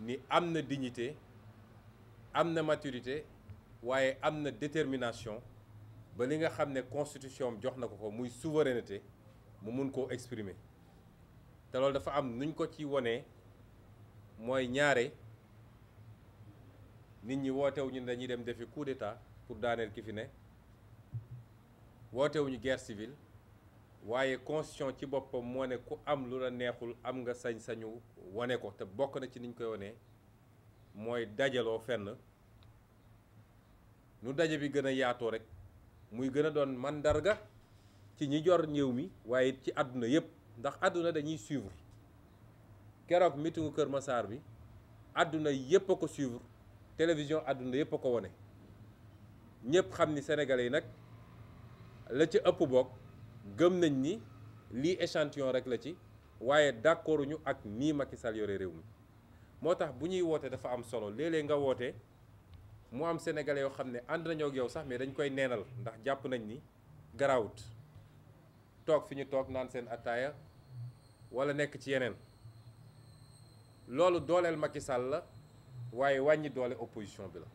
ni am na dignité am na maturité waaye am na détermination ba li nga xam ne constitution jox na ko ko muy souveraineté mu mun koo exprimer te loolu dafa am nuñ ko ci wonee mooy ñaare nit ñi wootewuñu ne dañuy dem defi coup d'état pour daaneel ki fi ne wootewuñu guerre civile waaye constitution ci boppam moo ne ku am lu la neexul am nga sañ-sañu wane ko te bokk na ci niñ koy wane mooy dajaloo fenn nu daje bi gën a yaatoo rek muy gën a doon mandarga ci ñi jor ñëw mi waaye ci àdduna yépp ndax àdduna dañuy suivre keroog meetingu Kër Massar bi àdduna yépp a ko suivre télévision àdduna yépp a ko wane ñépp xam ni sénégalais yi nag la ci ëpp bokk gëm nañ ni lii échantillon rek la ci waaye d'accord ñu ak nii Macky yore réew mi moo tax bu ñuy wootee dafa am solo léeg-léeg nga woote mu am sénégalais yoo xam ne ànd nañoo yow sax mais dañ koy neenal ndax jàpp nañ ni garaawut toog fi ñu toog naan seen attaaya wala nekk ci yeneen loolu dooleel Macky Sall la waaye wàññi doole opposition bi la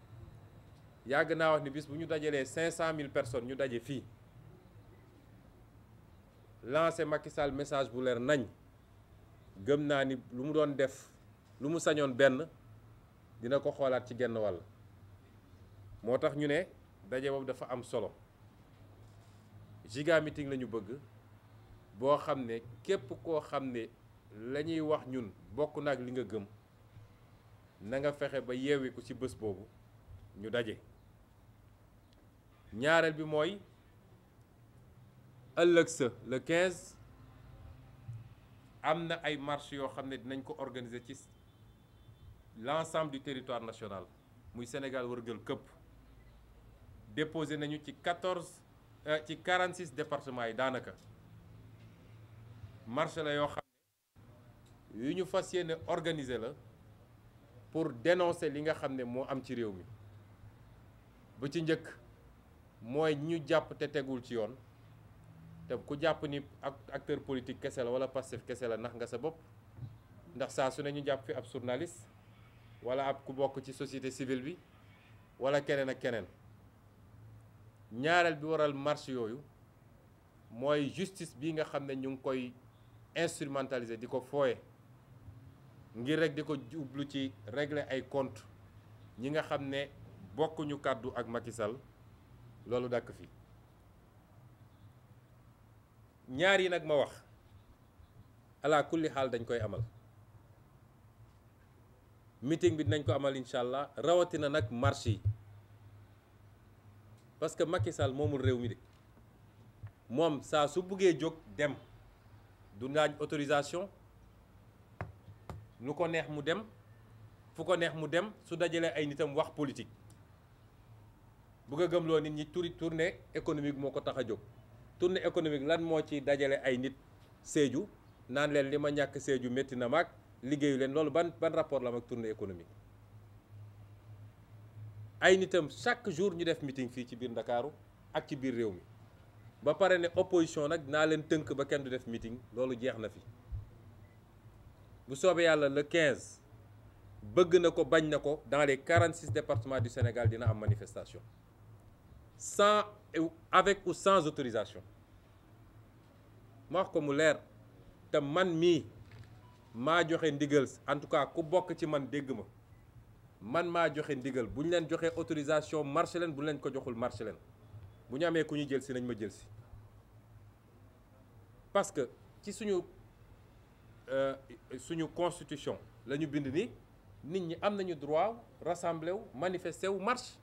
yàgg naa wax ni bis bu ñu dajalee 500000 personnes ñu daje fii. lancé Macky message bu leer nañ gëm naa ni lu mu doon def lu mu sañoon benn dina ko xoolaat ci genn wàll moo tax ñu ne daje boobu dafa am solo giga lañu bëgg boo xam ne képp koo xam ne la ñuy wax ñun bokk na li nga gëm na nga fexe ba yeewiku ci bés boobu ñu daje ñaareel bi mooy ëllëg sa le 15 am na ay marches yoo xam ne dinañ ko organiser ci l'ensemble du territoire national muy Sénégal wërgël këpp déposé nañu ci 14 euh, ci 46 départements yi daanaka marche la yoo xam ne yu ñu fas yéene organiser la pour dénoncer li nga xam ne moo am ci réew mi bu ci njëkk mooy ñu jàpp te tegul ci yoon. te ku jàpp ni ak acteur politique kese la wala Pastef kese la nax nga sa bopp ndax saa su ne ñu jàpp fi ab journaliste wala ab ku bokk ci société civile bi wala keneen ak keneen ñaareel bi waral marche yooyu mooy justice bi nga xam ne ñu ngi koy instrumentaliser di ko fooye ngir rek di ko jublu ci régler ay compte ñi nga xam ne bokkuñu kàddu ak Macky loolu dàkk fii ñaar yi nag ma wax ala kulli xaal dañ koy amal meeting bi dinañ ko amal incha allah rawatina nag marché yi parce que Macky Sall moomul réew mi de moom saa su buggee jóg dem du naaj autorisation nu ko neex mu dem fu ko neex mu dem su dajalee ay nitam wax politique bugg a gëmloo nit ñi turi tournée économique moo ko tax a jóg. tournée économique lan moo ci dajale ay nit Sédhiou naan leen li ma ñàkk Sédhiou métti na maag liggéeyu leen loolu ban ban rapport la am ak tournée économique ay nitam chaque jour ñu def meeting fii ci biir Ndakaaru ak ci biir réew mi ba pare ne opposition nag naa leen tënk ba kenn du def meeting loolu jeex na fi bu soobee yàlla le 15 bëgg na ko bañ na ko dans les 46 départements du Sénégal dina am manifestation avec ou sans autorisation ma wax ko mu leer te man mii maa joxe ndigal en tout cas ku bokk ci man dégg ma man maa joxe ndigal bu ñu leen joxee autorisation marché leen bu ñu leen ko joxul marché leen bu ñu amee ku ñu jël si nañ ma jël si parce que ci suñu euh, suñu constitution la ñu bind ni nit ñi am nañu droit rassembler wu manifester wu marche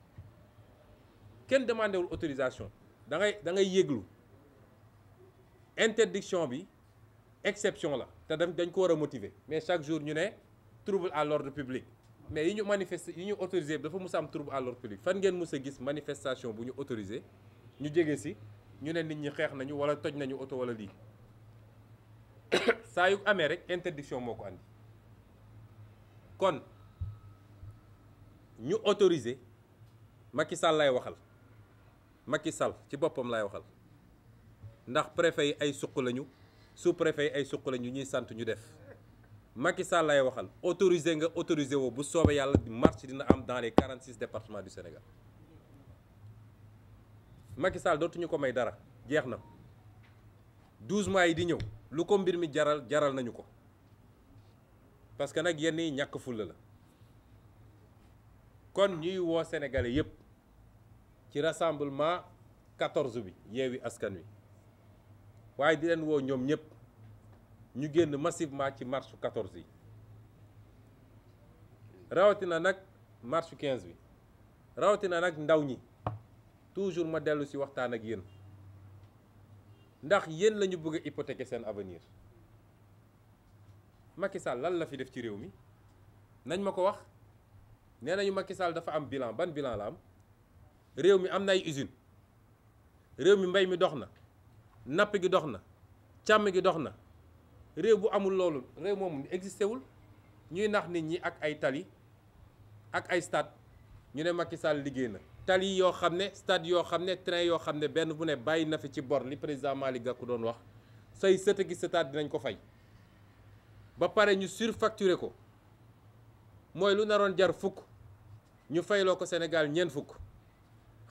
kenn demandé wul autorisation da ngay da ngay yëglu interdiction bi exception la te dañ ko war a motiver mais chaque jour ñu ne trouble à l'ordre public mais yi ñu manifester yi ñu autorisé dafa mus am trouble à l'ordre public fan ngeen mus a gis manifestation bu ñu autorisé ñu jege si ñu ne nit ñi xeex nañu wala toj nañu oto wala lii saa yu amee rek interdiction moo ko andi kon ñu autorisé Macky Sall lay waxal. Macky Sall ci boppam laay waxal ndax préfet yi ay suq lañu sous préfet yi ay suq lañu ñuy sant ñu def Macky Sall laay waxal autorisé nga autorisé woo bu soobee yàlla marche dina am dans les 46 départements du Sénégal Macky Sall dootuñu ko may dara jeex na 12 mois yi di ñëw lu ko mbir mi jaral jaral nañu ko parce que nag yenn yi ñàkk fulla la kon ñuy woo sénégalais yépp ci rassemblement 14 bi yeewi askan wi waaye di leen woo ñoom ñëpp ñu génn massivement ci marche 14 yi rawatina nag marche quinze bi rawatina nag ndaw ñi toujours ma dellu si waxtaan ak yéen ndax yéen lañu ñu bëgg a hypothéquer seen avenir Macky Sall lan la fi def ci réew mi nañ ma ko wax nee nañu Macky Sall dafa am bilan ban bilan la am. réew mi am na ay usine réew mi mbay mi dox na napp gi dox na càmm gi dox na réew bu amul loolu réew moomu existé wul ñuy nax nit ñi ak ay tali ak ay stade ñu ne Macky Sall liggéey na tali yoo xam ne stade yoo xam ne train yoo xam ne benn bu ne bàyyi na fi ci bor li président Malick ku doon wax say sëtë gi stade dinañ ko fay ba pare ñu surfacturé ko mooy lu naroon jar fukk ñu fayloo ko senegal ñeent fukk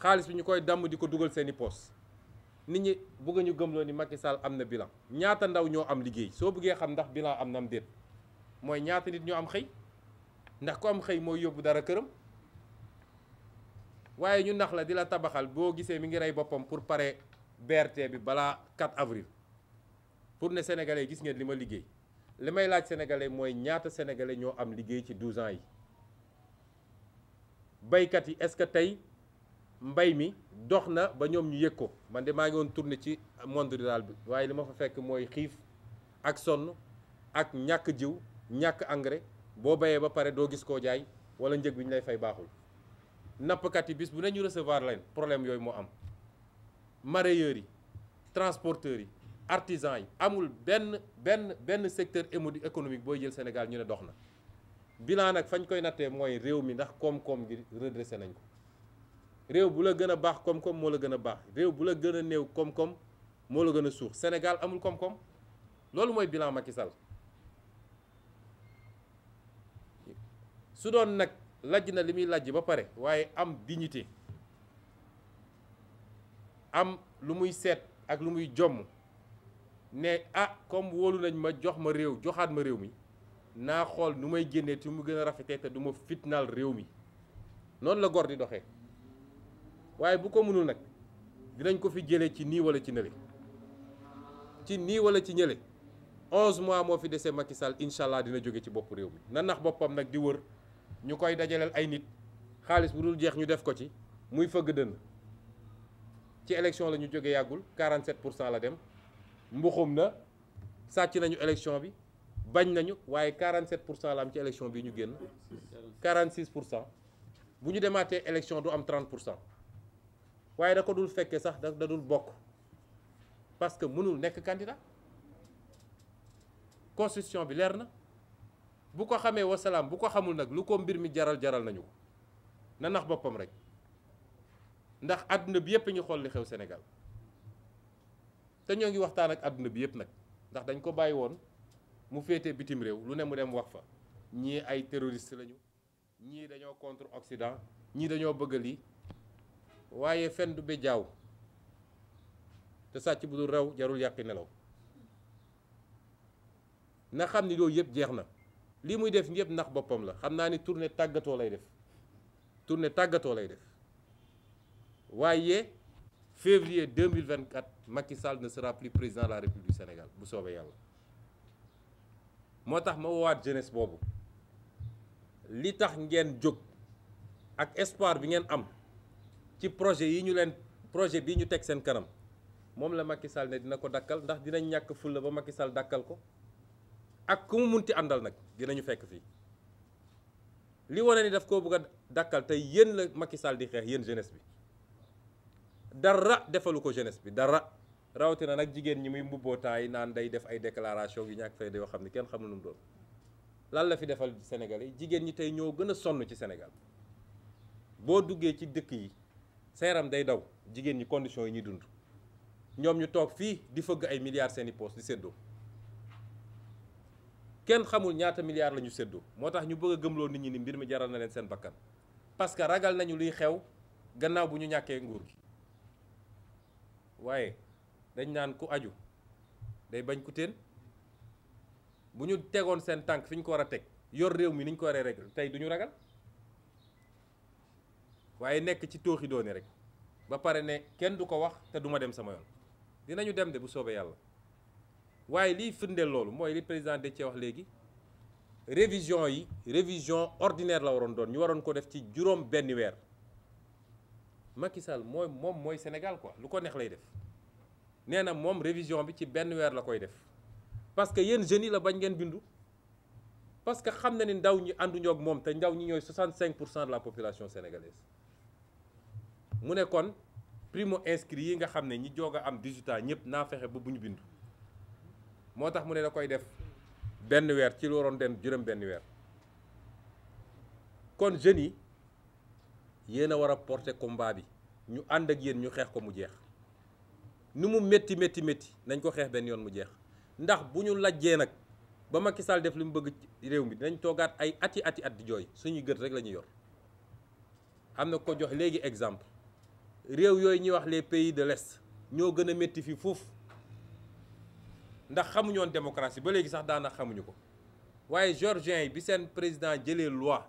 xaalis bi ñu koy damm di ko dugal seeni i poos nit ñi bëgg ñu gëmloo ni Macky Sall am na bilan ñaata ndaw ñoo am liggéey soo bëggee xam ndax bilan am na am déet mooy ñaata nit ñoo am xëy ndax ku am xëy mooy yóbbu dara këram waaye ñu nax la di la tabaxal boo gisee mi ngi rey boppam pour pare BRT bi balaa 4 avril pour ne sénégalais gis ngeen li ma liggéey li may laaj sénégalais mooy ñaata sénégalais ñoo am liggéey ci 12 ans yi baykat yi est-ce que tey. mbay mi dox na ba ñoom ñu yëg ko man de maa ngi woon tourné ci monde rural bi waaye li ma fa fekk mooy xiif ak sonn ak ñàkk jiw ñàkk engrais boo bayee ba pare doo gis koo jaay wala njëg bi ñu lay fay baaxul nappkat yi bis bu ne ñu recevoir leen problème yooyu moo am mareyeurs yi transporteurs yi artisans yi amul benn benn benn secteur économique booy jël Sénégal ñu ne dox na bilan nag fañ koy nattee mooy réew mi ndax koom-koom gi redressé nañ ko réew bu la gën a baax koom-koom moo la gën a baax réew bu la gën a néew koom-koom moo la gën a suux senegal amul koom-koom loolu mooy bilan Macky Sall su doon nag lajj na li muy lajj ba pare waaye am di dignité am lu muy seet ak lu muy jomm ne ah kom wóolu nañ ma jox ma réew joxaat ma réew mi naa xool nu may génnee ti mu gën a rafetee te du ma fitnaal réew mi noonu la gor di doxee waaye bu ko mënul nag dinañ ko fi jëlee ci nii wala ci nële ci nii wala ci ñële onze mois moo fi desee Macky Sall incha dina jóge ci bopp réew mi na boppam nag di wër ñu koy dajaleel ay nit xaalis bu dul jeex ñu def ko ci muy fëgg dënn ci élection la ñu jóge yàggul 47 pour cent la dem mbuxum na sàcc nañu élection bi bañ nañu waaye 47 pour cent la am ci élection bi ñu génn 46 pour cent bu ñu demaatee élection du am 30 pour cent waaye da ko dul fekkee sax da da dul bokk parce que mënul nekk candidat constitution bi leer na bu ko xamee wasalaam bu ko xamul nag lu ko mbir mi jaral jaral nañu ko na nax boppam rek ndax àdduna bi yëpp ñu xool li xew senegal te ñoo ngi waxtaan ak àdduna bi yëpp nag ndax dañ ko bàyyi woon mu féete bitim réew lu ne mu dem wax fa ñii ay terroriste lañu ñii dañoo contre oxident ñii dañoo bëgg lii waaye fen du béjjaaw te sàcc bu dul raw jarul yàqi nelaw na xam ni loolu yëpp jeex na lii muy def yëpp ndax boppam la xam naa ni tournée tàggatoo lay def tournée tàggatoo lay def waaye février 2024 Macky Sall ne sera plus président de la République Sénégal bu soobee yàlla moo tax ma woowaat jeunesse boobu li tax ngeen jóg ak espoir bi ngeen am ci projet yi ñu leen projet bii ñu teg seen kanam moom la makki Sall ne dina ko dakkal ndax dinañ ñàkk fulla ba makki Sall dàkkal ko ak ku mu munti àndal nag dinañu fekk fii li wane ni daf koo bëgg dàkkal dakkal tey yéen la Macky Sall di xeex yéen jeunesse bi dara defalu ko jeunesse bi dara rawatina nag jigéen ñi muy mbubbootaay naan day def ay déclaration yu ñàkk fay yoo xam ne kenn xamul nu mu doon lan la fi defal Sénégal yi jigéen ñi tey ñoo gën a sonn ci Sénégal boo duggee ci dëkk yi sa yaram day daw jigéen ñi conditions yi ñuy dund ñoom ñu toog fii di fëgg ay milliards seeni poos di séddoo kenn xamul ñaata milliards lañu ñu séddoo moo tax ñu bëgg a gëmloo nit ñi ni mbir mi jaral na leen seen bakkan parce que ragal nañu luy xew gannaaw bu ñu ñàkkee nguur gi waaye dañ naan ku aju day bañ ku teen bu ñu tegoon seen tànk fi ñu ko war a teg yor réew mi ni ñu ko waree rek tey du ñu ragal waaye nekk ci tooxi doone rek ba pare ne kenn du ko wax te duma dem sama yoon dinañu dem de bu soobee yàlla waaye liy firndeel loolu mooy li président Déthié wax léegi révision yi révision ordinaire la waroon doon ñu waroon ko def ci juróom benn weer Macky mooy moom mooy Sénégal quoi lu ko neex lay def nee na moom révision bi ci benn weer la koy def parce que yéen jeunes yi la bañ ngeen bindu parce que xam na ni ndaw ñi ànduñoo ak moom te ndaw ñi ñooy 65 pour cent de la population sénégalaise mu ne kon primo inscrit yi nga xam ne ñi joog a am 18 ans ñëpp naa fexe ba bu ñu bindu moo tax mu ne da koy def benn weer ci lu dem juróom benn weer kon jeunes yi yéen a war a porter combat bi ñu ànd ak yéen ñu xeex ko mu jeex nu mu métti métti métti nañ ko xeex benn yoon mu jeex ndax bu ñu lajjee nag ba Macky Sall def li mu bëgg réew mi dinañ toogaat ay ati ati at di jooy suñuy gët rek la ñuy yor am na ko jox léegi exemple réew yooyu ñuy wax les pays de l'Est ñoo gën a métti fii foofu ndax xamuñoon woon démocratie ba léegi sax daana xamuñu ko waaye géorgien yi bi seen président jëlee loi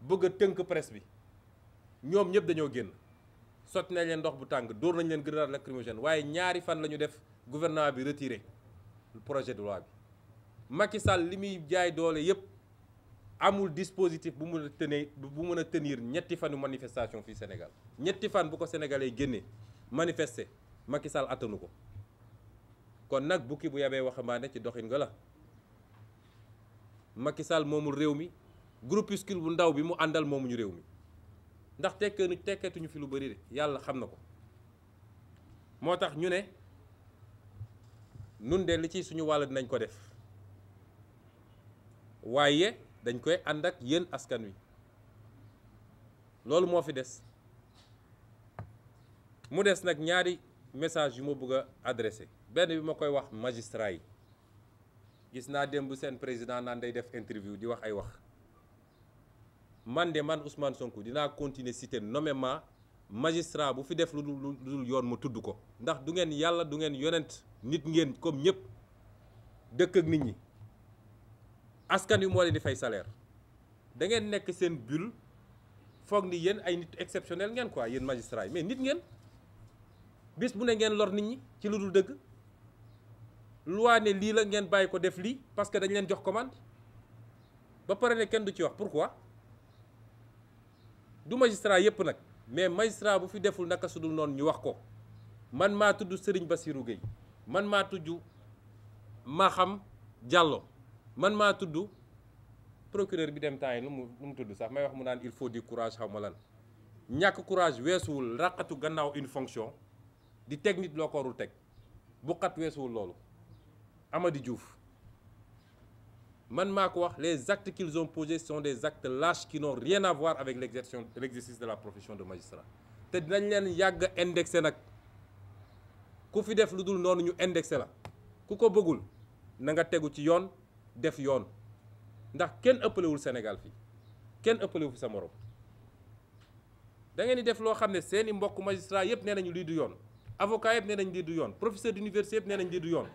bëgg a tënk presse bi ñoom ñëpp dañoo génn sotti nañ leen ndox bu tàng dóor nañ leen grenade lacrymogène waaye ñaari fan la ñu def gouvernement bi retiré projet de loi bi Macky Sall li muy jaay doole yëpp amul dispositif bu mën a tenir bu mën a tenir ñetti fanu manifestation fii senegal ñetti fan bu ko sénégalais génnee manifester Macky Sall attanu ko kon nag bukki bu yabee waxambaane ci doxin nga la Macky moomul réew mi groupuscule bu ndaw bi mu àndal moomuñu réew mi ndax tekkeenu tekketuñu fi lu bari de yàlla xam na ko moo tax ñu ne nun de li ci suñu wàll dinañ ko def waaye dañ koy ànd ak yéen askan wi loolu moo fi des mu des nag ñaari message yu ma bëgg a adressé benn bi ma koy wax magistrat yi gis naa démb seen président naan day def interview di wax ay wax man de man Ousmane sonk dinaa continuer citer nommément magistrat bu fi def lu dul yoon mu tudd ko ndax du ngeen yàlla du ngeen yonent nit ngeen comme ñëpp dëkk ak nit ñi askan wi moo leen di fay salaire da ngeen nekk seen bulle foog ni yéen ay nit exceptionnel ngeen ko yéen magistrat yi mais nit ngeen bis bu ne ngeen lor nit ñi ci lu dul dëgg lu waa ne lii la ngeen bàyyi ko def lii parce que dañ leen jox commande ba pare ne kenn du ci wax pour pourquoi du magistrat yépp nag mais magistrat bu fi deful naka su dul noonu ñu wax ko man maa tudd Serigne Bassirou Gueye man maa tudd Maham Diallo man maa tudd procureur bi dem temps yi nu mu nu mu tudd sax may wax mu naan il faut du courage xaw lan ñàkk courage weesuwul raqatu gannaaw une fonction di teg nit loo ko warul teg bu xat weesuwul loolu Amady Diouf man maa ko wax les actes qu'ils ont posés sont des actes lâches qui n'ont rien avec l'exercice l'exercice de la profession de magistrat te dinañ leen yàgg a nag ku fi def lu dul noonu ñu indexé la ku ko bëggul na nga tegu ci yoon def yoon ndax kenn ëppalewul senegal fii kenn ëppalewu fi sa morom dangeen def loo xam ne seeni mbokk magistrat yëpp nee nañu lii du yoon avocat yëpp ne nañ lii du yoon professeur d'université yëpp nee nañ lii du yoon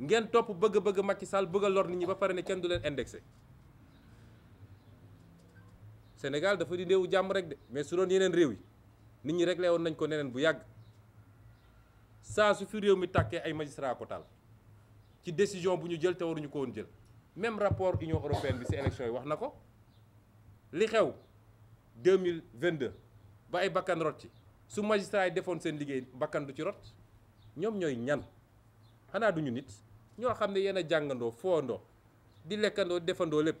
ngeen topp bëgg-bëgg Macky Sall bëgg a lor nit ñi ba pare ne kenn du leen indexé Sénégal dafa di réewu jàmm rek de mais su doon yeneen réew yi nit ñi réglé woon nañ ko neneen bu yàgg saa su fi réew mi tàkkee ay magistrat ko ci décision bu ñu jël te waruñu ko woon jël même rapport Union européenne bi ci élection yi wax na ko li xew 2022 ba ay bakkan rot ci su magistrat yi defoon seen liggéey bakkan du ci rot ñoom ñooy ñan xanaa duñu nit ñoo xam ne yéen jàngandoo foondoo di lekkandoo defandoo lépp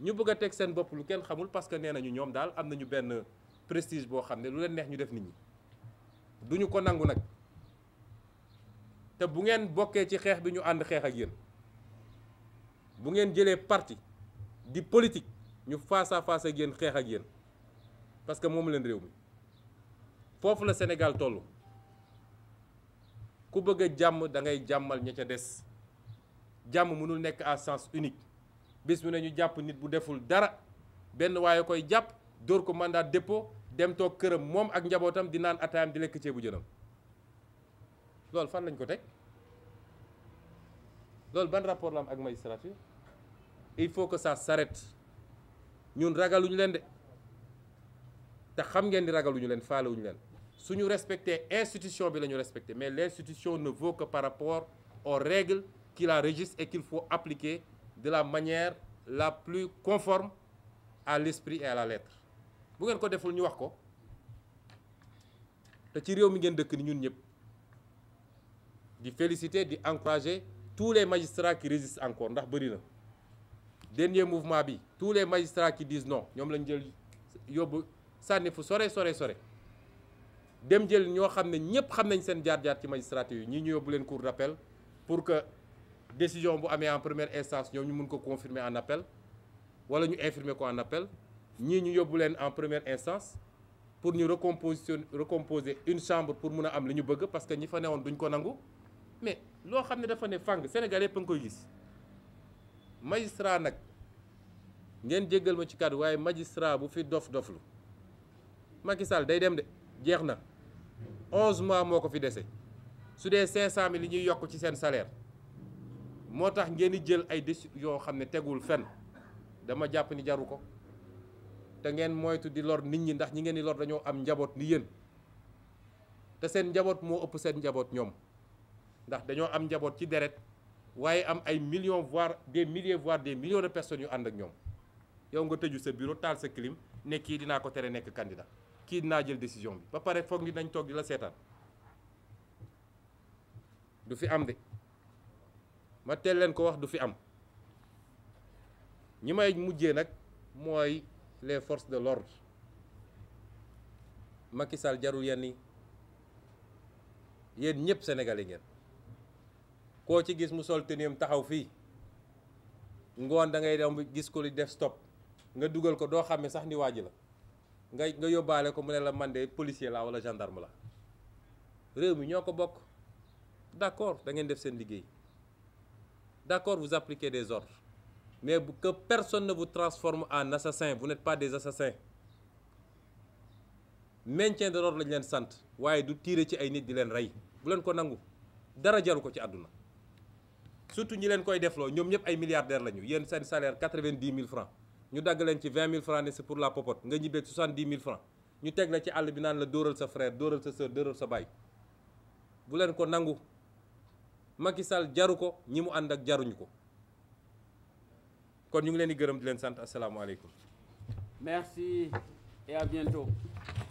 ñu bëgg a teg seen bopp lu kenn xamul parce que nee nañu ñoom daal am nañu benn prestige boo xam ne lu leen neex ñu def nit ñi duñu ko nangu nag te bu ngeen bokkee ci xeex bi ñu ànd xeex ak yéen bu ngeen jëlee parti di politique ñu face à face xeex ak yéen parce que moom leen réew mi foofu la Sénégal toll ku bëgg a jàmm da ngay jàmmal ña ca des jàmm mënul nekk à sens unique bis mu ne ñu jàpp nit bu deful dara benn waaye koy jàpp dóor ko mandat dépôt dem toog këram moom ak njabootam di naan ataayam di lekk ceebu jënam loolu fan lañ ko teg. loolu ban rapport la am ak magistrature il faut que ça s'arrête ñun ragaluñu leen de te xam ngeen di ragaluñu leen faalewuñu leen suñu respecté institution bi la ñu respecté mais l'institution ne vaut que par rapport aux règles qui la régissent et qu'il faut appliquer de la manière la plus conforme à l'esprit et à la lettre bu ngeen ko deful ñu wax ko te ci réew mi ngeen dëkk ni ñun ñëpp di féliciter di encourager tous les magistrats qui résistent encore ndax bëri na dernier mouvement bi tous les magistrats qui disent non ñoom lañ jël yóbbu sànni fu sore sore sore dem jël ñoo xam ne ñëpp xam nañ seen jaar-jaar ci magistrature yi ñii ñu yóbbu leen cour d'appel pour que décision bu amee en première instance ñoom ñu mun ko confirmer en appel wala ñu infirmer ko en appel ñii ñu yóbbu leen en première instance pour ñu recomposition recomposer une chambre pour mun a am li ñu bëgg parce que ñi fa newoon duñ ko nangu loo xam ne dafa ne fàng Sénégal yëpp nga koy gis magistrat nag ngeen jéggal ma ci kàddu waaye magistrat bu fi dof-doflu Macky Sall day dem de jeex na 11 mois moo ko fi dese su dee 500000 li ñuy yokk ci seen salaire moo tax ngeen di jël ay décisions yoo xam ne tegul fen dama jàpp ni jaru ko te ngeen moytu di lor nit ñi ndax ñi ngeen di lor dañoo am njaboot ni yéen te seen njaboot moo ëpp seen njaboot ñoom. ndax dañoo am njaboot ci deret waaye am ay millions voire des milliers voire des millions de personnes yu ànd ak ñoom yow nga tëju sa bureau taal sa kilim ne kii dinaa ko tere nekk candidat kii dina jël décision bi ba pare foog ni dañ toog di la seetaan du fi am de ma teel leen ko wax du fi am ñi may mujjee nag mooy les force de l'ordre Macky Sall jarul yenn yi yéen ñëpp sénégalais ngeen koo ci gis mu sol tenue taxaw fii ngoon da ngay dem gis ko li def stop nga dugal ko doo xam ne sax ni waa ji la nga nga yóbbaale ko mu ne la man de policier la wala gendarme la réew mi ñoo ko bokk d'accord da ngeen def seen liggéey d'accord vous appliquez des ordres mais que personne ne vous transforme en assassin vous n'êtes pas des assassins maintien de l'ordre lañ leen sant waaye du tiire ci ay nit di leen rey bu leen ko nangu dara jaru ko ci àdduna surtout ñi leen koy defloo ñoom ñëpp ay milliardaires lañu yéen seen salaire quatre-vingt-dix mille francs ñu dagg leen ci vingt mille francs ne c'est pour la popote nga ñibbeeg soixante-dix mille francs ñu teg la ci àll bi naan la dóoral sa frère dóoral sa sœur dóoral sa baay bu leen ko nangu Macky Sall jaru ko ñi mu ànd ak jaruñu ko kon ñu ngi leen di gërëm di leen sant asalaamaaleykum. merci et à